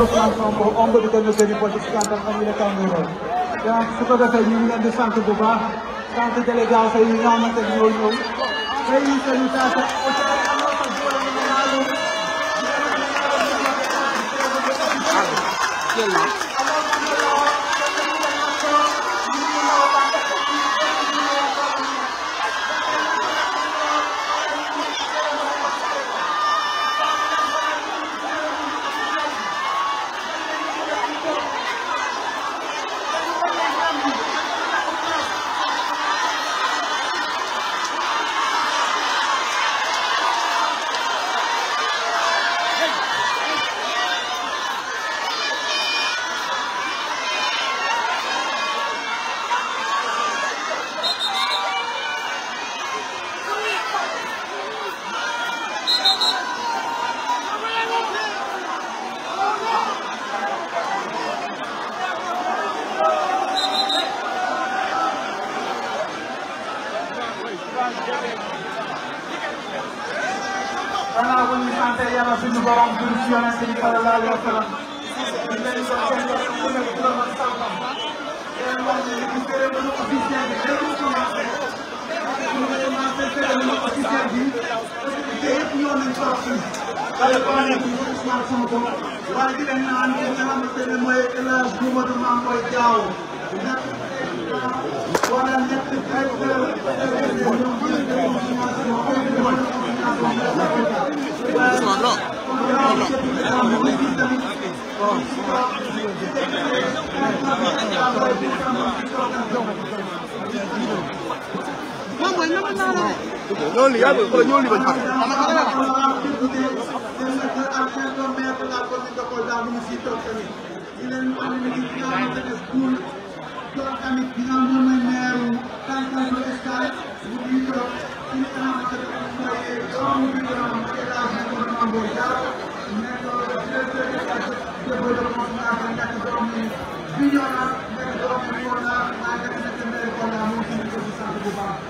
Ousmane Sonko omb di ko nëkkee ni politique kantam am ñu ne tàngoor donc su ko defee ñu ngi leen di sant bu baax sant délégation yi ñoo xamante ni ñoo ñëw tey salutation Thank you. danaa bu ñu sant yàlla suñu borom jur ci yonent bi sallallahu alayhi wa sallam ñu leen ko kenn ku nekk ci la mën sàmpam leen wax ne ñu gërë ba ñu officiel bi léegi ñu commencé ñu commencé gërë ba ñu officiel bi te yëpp ñoo nañ toog fii wala ko nekk ñu Ousmane Sonko waaye di leen naan ki nga xamante ne mooy El Hadj Mamadou Mamboy Diaw nekk wala nekk ñooñu yaa ngi koy ñooñu bañ a xam. ñu leen wax ne tantanɗo stage mi wiɗo ɗum tanama kadi oye kamu wiɗonoma étage gouvernement mbo jara mais ɗo directeur état développement naka gati domi biñona mbete domi wona nagati nete mairie kolla mum simi ɗofi santo boubac